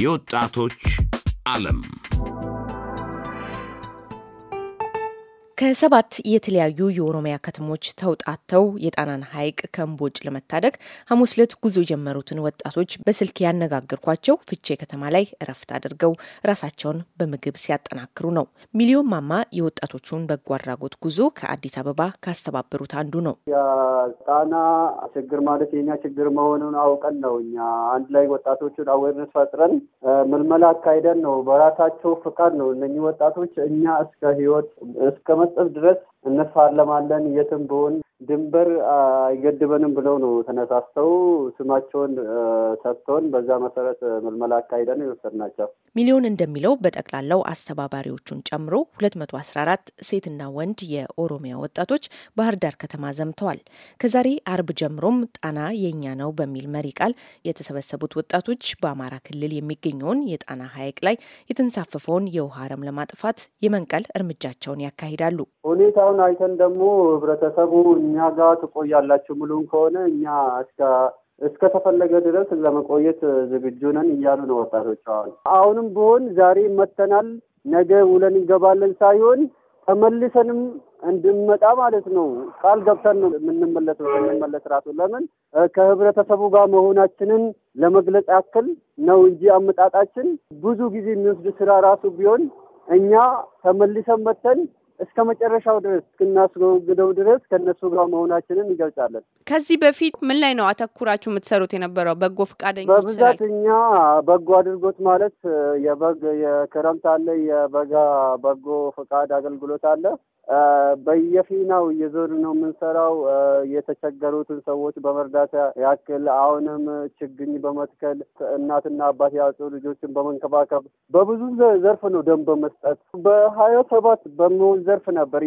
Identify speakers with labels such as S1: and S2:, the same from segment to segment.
S1: የወጣቶች ዓለም
S2: ከሰባት የተለያዩ የኦሮሚያ ከተሞች ተውጣተው የጣናን ሐይቅ ከእምቦጭ ለመታደግ ሐሙስ ዕለት ጉዞ የጀመሩትን ወጣቶች በስልክ ያነጋገርኳቸው ፍቼ ከተማ ላይ እረፍት አድርገው ራሳቸውን በምግብ ሲያጠናክሩ ነው። ሚሊዮን ማማ የወጣቶቹን በጎ አድራጎት ጉዞ ከአዲስ አበባ ካስተባበሩት አንዱ ነው።
S3: የጣና ችግር ማለት የኛ ችግር መሆኑን አውቀን ነው እኛ አንድ ላይ ወጣቶቹን አዌርነት ፈጥረን ምልመላ አካሂደን ነው በራሳቸው ፍቃድ ነው እነኚህ ወጣቶች እኛ እስከ ህይወት እስከ ነጥብ ድረስ እንፋለማለን የትም ብሆን ድንበር አይገድበንም ብለው ነው ተነሳስተው ስማቸውን ሰጥተውን በዛ መሰረት ምልመላ አካሂደን የወሰድናቸው።
S2: ሚሊዮን እንደሚለው በጠቅላላው አስተባባሪዎቹን ጨምሮ ሁለት መቶ አስራ አራት ሴትና ወንድ የኦሮሚያ ወጣቶች ባህር ዳር ከተማ ዘምተዋል። ከዛሬ አርብ ጀምሮም ጣና የእኛ ነው በሚል መሪ ቃል የተሰበሰቡት ወጣቶች በአማራ ክልል የሚገኘውን የጣና ሐይቅ ላይ የተንሳፈፈውን የውሃ አረም ለማጥፋት የመንቀል እርምጃቸውን ያካሂዳሉ።
S3: ሁኔታውን አይተን ደግሞ ህብረተሰቡ እኛ ጋር ትቆያላችሁ ብሉን ከሆነ እኛ እስከ እስከተፈለገ ተፈለገ ድረስ ለመቆየት ዝግጁ ነን እያሉ ነው ወጣቶች። አሁን አሁንም ቢሆን ዛሬ መተናል ነገ ውለን እንገባለን ሳይሆን ተመልሰንም እንድንመጣ ማለት ነው ቃል ገብተን ነው የምንመለስ ነው የምንመለስ ራሱ ለምን ከህብረተሰቡ ጋር መሆናችንን ለመግለጽ ያክል ነው እንጂ አመጣጣችን ብዙ ጊዜ የሚወስድ ስራ ራሱ ቢሆን እኛ ተመልሰን መተን እስከ መጨረሻው ድረስ እስክናስወግደው ድረስ ከእነሱ ጋር መሆናችንን እንገልጻለን።
S2: ከዚህ በፊት ምን ላይ ነው አተኩራችሁ የምትሰሩት የነበረው? በጎ ፈቃደኛ በብዛት
S3: እኛ በጎ አድርጎት ማለት የበግ የክረምት አለ፣ የበጋ በጎ ፈቃድ አገልግሎት አለ። በየፊናው እየዞር ነው የምንሰራው። የተቸገሩትን ሰዎች በመርዳት ያክል አሁንም ችግኝ በመትከል እናትና አባት ያጡ ልጆችን በመንከባከብ በብዙ ዘርፍ ነው ደም በመስጠት በሀያ ሰባት በመወዘ ዘርፍ ነበር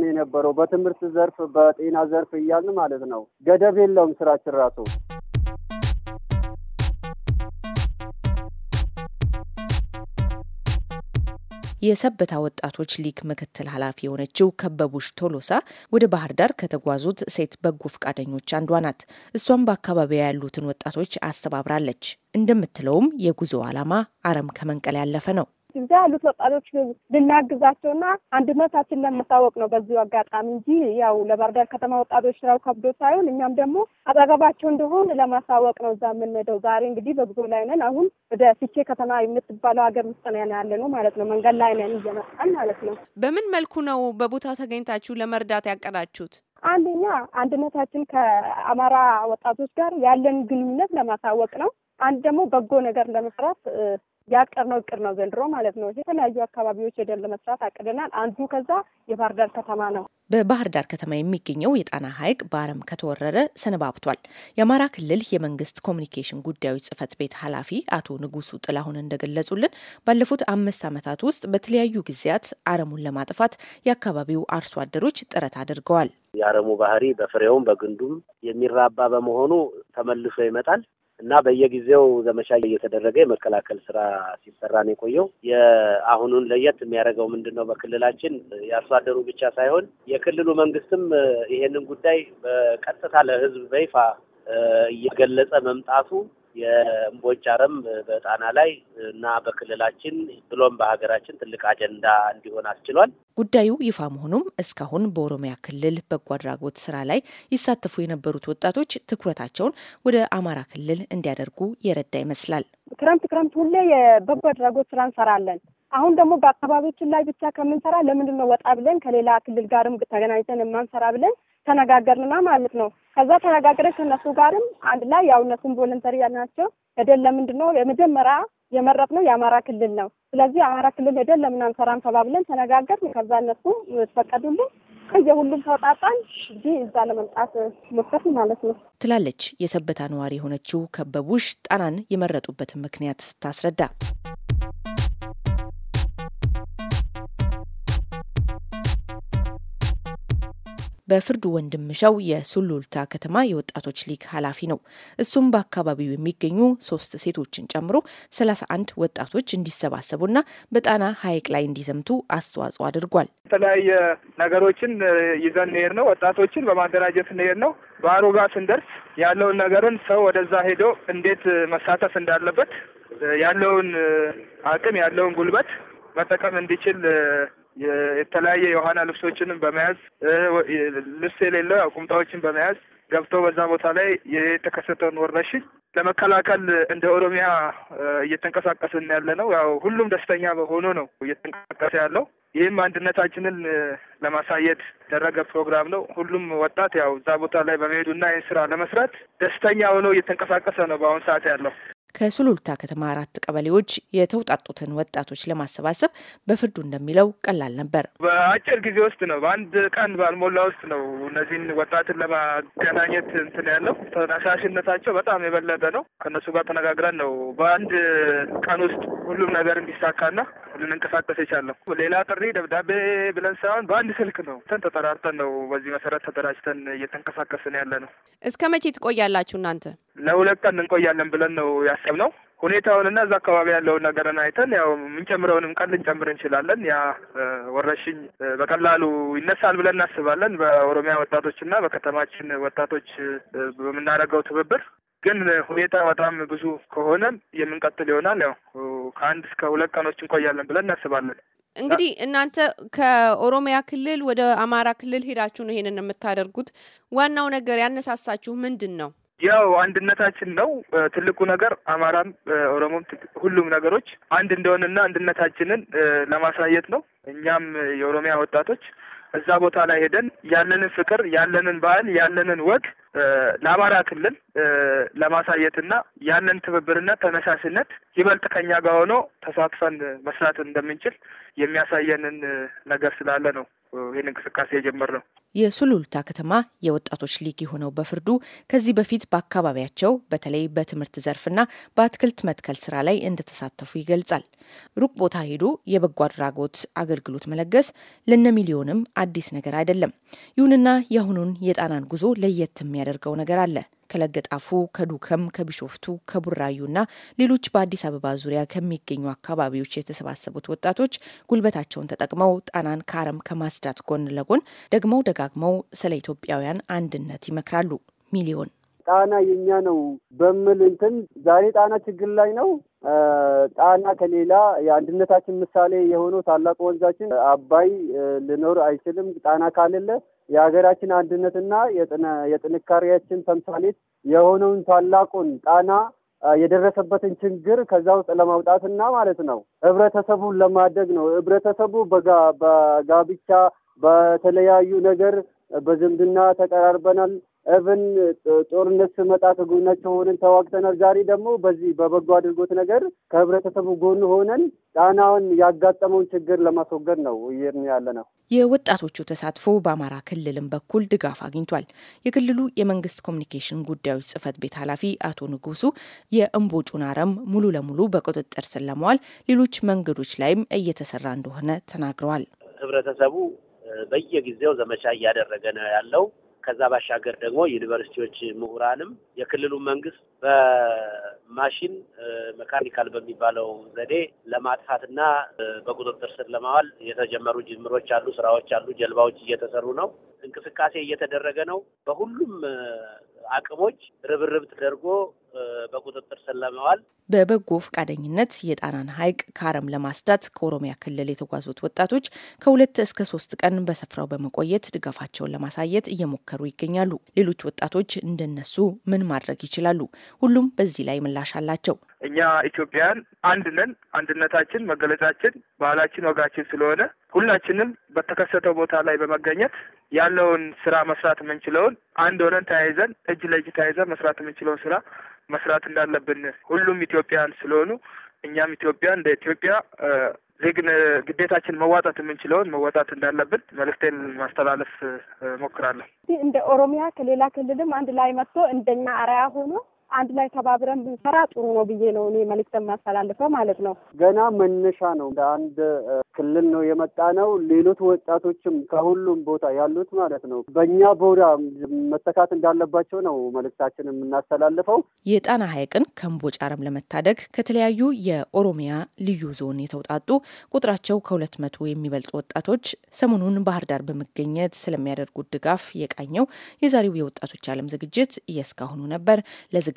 S3: ነው የነበረው በትምህርት ዘርፍ፣ በጤና ዘርፍ እያልን ማለት ነው። ገደብ የለውም ስራችን ራሱ።
S2: የሰበታ ወጣቶች ሊግ ምክትል ኃላፊ የሆነችው ከበቡሽ ቶሎሳ ወደ ባህር ዳር ከተጓዙት ሴት በጎ ፈቃደኞች አንዷ ናት። እሷም በአካባቢዋ ያሉትን ወጣቶች አስተባብራለች። እንደምትለውም የጉዞ ዓላማ አረም ከመንቀል ያለፈ ነው።
S4: እዚያ ያሉት ወጣቶች ልናግዛቸውና አንድነታችን ለመታወቅ ነው በዚሁ አጋጣሚ እንጂ ያው ለባህር ዳር ከተማ ወጣቶች ስራው ከብዶ ሳይሆን እኛም ደግሞ አጠገባቸው እንደሆን ለማሳወቅ ነው እዛ የምንሄደው። ዛሬ እንግዲህ በጉዞ ላይ ነን። አሁን ወደ ፊቼ ከተማ የምትባለው ሀገር ውስጥ ነው ያለ ነው ማለት ነው። መንገድ ላይ ነን እየመጣን ማለት
S2: ነው። በምን መልኩ ነው በቦታው ተገኝታችሁ ለመርዳት ያቀዳችሁት?
S4: አንደኛ አንድነታችን ከአማራ ወጣቶች ጋር ያለን ግንኙነት ለማሳወቅ ነው። አንድ ደግሞ በጎ ነገር ለመስራት ያቀድነው እቅድ ነው ዘንድሮ ማለት ነው። የተለያዩ አካባቢዎች ሄደን ለመስራት አቅደናል። አንዱ ከዛ የባህር ዳር ከተማ ነው።
S2: በባህር ዳር ከተማ የሚገኘው የጣና ሐይቅ በአረም ከተወረረ ሰነባብቷል። የአማራ ክልል የመንግስት ኮሚኒኬሽን ጉዳዮች ጽህፈት ቤት ኃላፊ አቶ ንጉሱ ጥላሁን እንደገለጹልን ባለፉት አምስት ዓመታት ውስጥ በተለያዩ ጊዜያት አረሙን ለማጥፋት የአካባቢው አርሶ አደሮች ጥረት አድርገዋል።
S1: የአረሙ ባህሪ በፍሬውም በግንዱም የሚራባ በመሆኑ ተመልሶ ይመጣል። እና በየጊዜው ዘመቻ እየተደረገ የመከላከል ስራ ሲሰራ ነው የቆየው። የአሁኑን ለየት የሚያደርገው ምንድን ነው? በክልላችን የአርሶ አደሩ ብቻ ሳይሆን የክልሉ መንግስትም ይሄንን ጉዳይ በቀጥታ ለህዝብ በይፋ እየገለጸ መምጣቱ የእምቦጭ አረም በጣና ላይ እና በክልላችን ብሎም በሀገራችን ትልቅ አጀንዳ እንዲሆን አስችሏል።
S2: ጉዳዩ ይፋ መሆኑም እስካሁን በኦሮሚያ ክልል በጎ አድራጎት ስራ ላይ ይሳተፉ የነበሩት ወጣቶች ትኩረታቸውን ወደ አማራ ክልል እንዲያደርጉ የረዳ ይመስላል።
S4: ክረምት ክረምት ሁሌ የበጎ አድራጎት ስራ እንሰራለን። አሁን ደግሞ በአካባቢዎችን ላይ ብቻ ከምንሰራ ለምንድን ነው ወጣ ብለን ከሌላ ክልል ጋርም ተገናኝተን የማንሰራ ብለን ተነጋገርንና ማለት ነው። ከዛ ተነጋግረን ከእነሱ ጋርም አንድ ላይ ያው እነሱን ቮለንተሪ ያልናቸው ሄደን ለምንድን ነው የመጀመሪያ የመረጥ ነው የአማራ ክልል ነው። ስለዚህ አማራ ክልል ሄደን ለምን አንሰራም ተባብለን ተነጋገርን። ከዛ እነሱ ተፈቀዱልን። ከየሁሉም ተወጣጣን እዚህ እዛ ለመምጣት ሞከር ማለት ነው
S2: ትላለች የሰበታ ነዋሪ የሆነችው ከበቡሽ ጣናን የመረጡበትን ምክንያት ስታስረዳ በፍርዱ ወንድምሻው የሱሉልታ ከተማ የወጣቶች ሊግ ኃላፊ ነው። እሱም በአካባቢው የሚገኙ ሶስት ሴቶችን ጨምሮ 31 ወጣቶች እንዲሰባሰቡና በጣና ሐይቅ ላይ እንዲዘምቱ አስተዋጽኦ አድርጓል።
S5: የተለያየ ነገሮችን ይዘን እንሄድ ነው። ወጣቶችን በማደራጀት ንሄድ ነው። በአሮጋ ስንደርስ ያለውን ነገርን ሰው ወደዛ ሄዶ እንዴት መሳተፍ እንዳለበት ያለውን አቅም ያለውን ጉልበት መጠቀም እንዲችል የተለያየ የዋና ልብሶችንም በመያዝ ልብስ የሌለው ቁምጣዎችን በመያዝ ገብተው በዛ ቦታ ላይ የተከሰተውን ወረርሽኝ ለመከላከል እንደ ኦሮሚያ እየተንቀሳቀስን ያለ ነው። ያው ሁሉም ደስተኛ በሆኑ ነው እየተንቀሳቀሰ ያለው። ይህም አንድነታችንን ለማሳየት ደረገ ፕሮግራም ነው። ሁሉም ወጣት ያው እዛ ቦታ ላይ በመሄዱና ይህን ስራ ለመስራት ደስተኛ ሆኖ እየተንቀሳቀሰ ነው በአሁኑ ሰዓት ያለው።
S2: ከሱሉልታ ከተማ አራት ቀበሌዎች የተውጣጡትን ወጣቶች ለማሰባሰብ በፍርዱ እንደሚለው ቀላል ነበር።
S5: በአጭር ጊዜ ውስጥ ነው፣ በአንድ ቀን ባልሞላ ውስጥ ነው እነዚህን ወጣትን ለማገናኘት እንትን ያለው ተነሳሽነታቸው በጣም የበለጠ ነው። ከእነሱ ጋር ተነጋግረን ነው በአንድ ቀን ውስጥ ሁሉም ነገር እንዲሳካና ልንንቀሳቀስ የቻለው። ሌላ ጥሪ ደብዳቤ ብለን ሳይሆን በአንድ ስልክ ነው ተን ተጠራርተን ነው። በዚህ መሰረት ተደራጅተን እየተንቀሳቀስን ያለ ነው።
S2: እስከ መቼ ትቆያላችሁ እናንተ?
S5: ለሁለት ቀን እንቆያለን ብለን ነው ያሰብነው። ሁኔታውንና እዛ አካባቢ ያለውን ነገርን አይተን ያው የምንጨምረውንም ቀን ልንጨምር እንችላለን። ያ ወረርሽኝ በቀላሉ ይነሳል ብለን እናስባለን። በኦሮሚያ ወጣቶችና በከተማችን ወጣቶች በምናደርገው ትብብር ግን ሁኔታ በጣም ብዙ ከሆነ የምንቀጥል ይሆናል። ያው ከአንድ እስከ ሁለት ቀኖች እንቆያለን ብለን እናስባለን።
S2: እንግዲህ እናንተ ከኦሮሚያ ክልል ወደ አማራ ክልል ሄዳችሁ ነው ይሄንን የምታደርጉት። ዋናው ነገር ያነሳሳችሁ ምንድን ነው?
S5: ያው አንድነታችን ነው ትልቁ ነገር። አማራም ኦሮሞም ሁሉም ነገሮች አንድ እንደሆነና አንድነታችንን ለማሳየት ነው። እኛም የኦሮሚያ ወጣቶች እዛ ቦታ ላይ ሄደን ያለንን ፍቅር ያለንን ባህል ያለንን ወግ ለአማራ ክልል ለማሳየትና ያንን ትብብርነት ተነሳሽነት ይበልጥ ከኛ ጋር ሆኖ ተሳትፈን መስራት እንደምንችል የሚያሳየንን ነገር ስላለ ነው ይህን እንቅስቃሴ የጀመርነው።
S2: የሱሉልታ ከተማ የወጣቶች ሊግ የሆነው በፍርዱ ከዚህ በፊት በአካባቢያቸው በተለይ በትምህርት ዘርፍና በአትክልት መትከል ስራ ላይ እንደተሳተፉ ይገልጻል። ሩቅ ቦታ ሄዶ የበጎ አድራጎት አገልግሎት መለገስ ለነ ሚሊዮንም አዲስ ነገር አይደለም። ይሁንና የአሁኑን የጣናን ጉዞ ለየት የሚያደርገው ነገር አለ። ከለገጣፉ፣ ከዱከም፣ ከቢሾፍቱ፣ ከቡራዩና ሌሎች በአዲስ አበባ ዙሪያ ከሚገኙ አካባቢዎች የተሰባሰቡት ወጣቶች ጉልበታቸውን ተጠቅመው ጣናን ከአረም ከማጽዳት ጎን ለጎን ደግመው ደጋግመው ስለ ኢትዮጵያውያን አንድነት ይመክራሉ። ሚሊዮን
S3: ጣና የኛ ነው በምል እንትን ዛሬ ጣና ችግር ላይ ነው፣ ጣና ከሌላ የአንድነታችን ምሳሌ የሆነው ታላቅ ወንዛችን አባይ ሊኖር አይችልም። ጣና ካልለ የሀገራችን አንድነትና የጥንካሬያችን ተምሳሌት የሆነውን ታላቁን ጣና የደረሰበትን ችግር ከዛ ውስጥ ለማውጣትና ማለት ነው ህብረተሰቡን ለማደግ ነው። ህብረተሰቡ በጋብቻ በተለያዩ ነገር በዝምድና ተቀራርበናል እብን ጦርነት ስመጣ ከጎናቸው ሆነን ተዋግተናል። ዛሬ ደግሞ በዚህ በበጎ አድርጎት ነገር ከህብረተሰቡ ጎን ሆነን ጣናውን ያጋጠመውን ችግር ለማስወገድ ነው እየርን ያለ ነው።
S2: የወጣቶቹ ተሳትፎ በአማራ ክልልም በኩል ድጋፍ አግኝቷል። የክልሉ የመንግስት ኮሚኒኬሽን ጉዳዮች ጽህፈት ቤት ኃላፊ አቶ ንጉሱ የእምቦጩን አረም ሙሉ ለሙሉ በቁጥጥር ስር ለመዋል ሌሎች መንገዶች ላይም እየተሰራ እንደሆነ ተናግረዋል።
S1: ህብረተሰቡ በየጊዜው ዘመቻ እያደረገ ነው ያለው ከዛ ባሻገር ደግሞ ዩኒቨርሲቲዎች ምሁራንም፣ የክልሉ መንግስት በማሽን መካኒካል በሚባለው ዘዴ ለማጥፋትና በቁጥጥር ስር ለማዋል የተጀመሩ ጅምሮች አሉ፣ ስራዎች አሉ። ጀልባዎች እየተሰሩ ነው። እንቅስቃሴ እየተደረገ ነው። በሁሉም አቅሞች ርብርብ ተደርጎ በቁጥጥር ስር ለመዋል
S2: በበጎ ፈቃደኝነት የጣናን ሐይቅ ከአረም ለማጽዳት ከኦሮሚያ ክልል የተጓዙት ወጣቶች ከሁለት እስከ ሶስት ቀን በስፍራው በመቆየት ድጋፋቸውን ለማሳየት እየሞከሩ ይገኛሉ። ሌሎች ወጣቶች እንደነሱ ምን ማድረግ ይችላሉ? ሁሉም በዚህ ላይ ምላሽ አላቸው።
S5: እኛ ኢትዮጵያውያን አንድ ነን። አንድነታችን መገለጫችን፣ ባህላችን፣ ወጋችን ስለሆነ ሁላችንም በተከሰተው ቦታ ላይ በመገኘት ያለውን ስራ መስራት የምንችለውን አንድ ሆነን ተያይዘን እጅ ለእጅ ተያይዘን መስራት የምንችለውን ስራ መስራት እንዳለብን ሁሉም ኢትዮጵያን ስለሆኑ እኛም ኢትዮጵያ እንደ ኢትዮጵያ ዜግን ግዴታችን መዋጣት የምንችለውን መዋጣት እንዳለብን መልእክቴን ማስተላለፍ ሞክራለሁ።
S4: እንደ ኦሮሚያ ከሌላ ክልልም አንድ ላይ መጥቶ እንደኛ አርአያ ሆኖ አንድ ላይ ተባብረን ብንሰራ ጥሩ ነው ብዬ ነው እኔ መልዕክት የማስተላልፈው ማለት ነው።
S3: ገና መነሻ ነው። እንደ አንድ ክልል ነው የመጣ ነው። ሌሎች ወጣቶችም ከሁሉም ቦታ ያሉት ማለት ነው በእኛ ቦዳ መተካት እንዳለባቸው ነው መልዕክታችን የምናስተላልፈው።
S2: የጣና ሐይቅን ከእምቦጭ አረም ለመታደግ ከተለያዩ የኦሮሚያ ልዩ ዞን የተውጣጡ ቁጥራቸው ከሁለት መቶ የሚበልጡ ወጣቶች ሰሞኑን ባህር ዳር በመገኘት ስለሚያደርጉት ድጋፍ የቃኘው የዛሬው የወጣቶች አለም ዝግጅት የእስካሁኑ ነበር።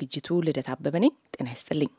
S2: ዝግጅቱ ልደት አበበ ነኝ። ጤና ይስጥልኝ።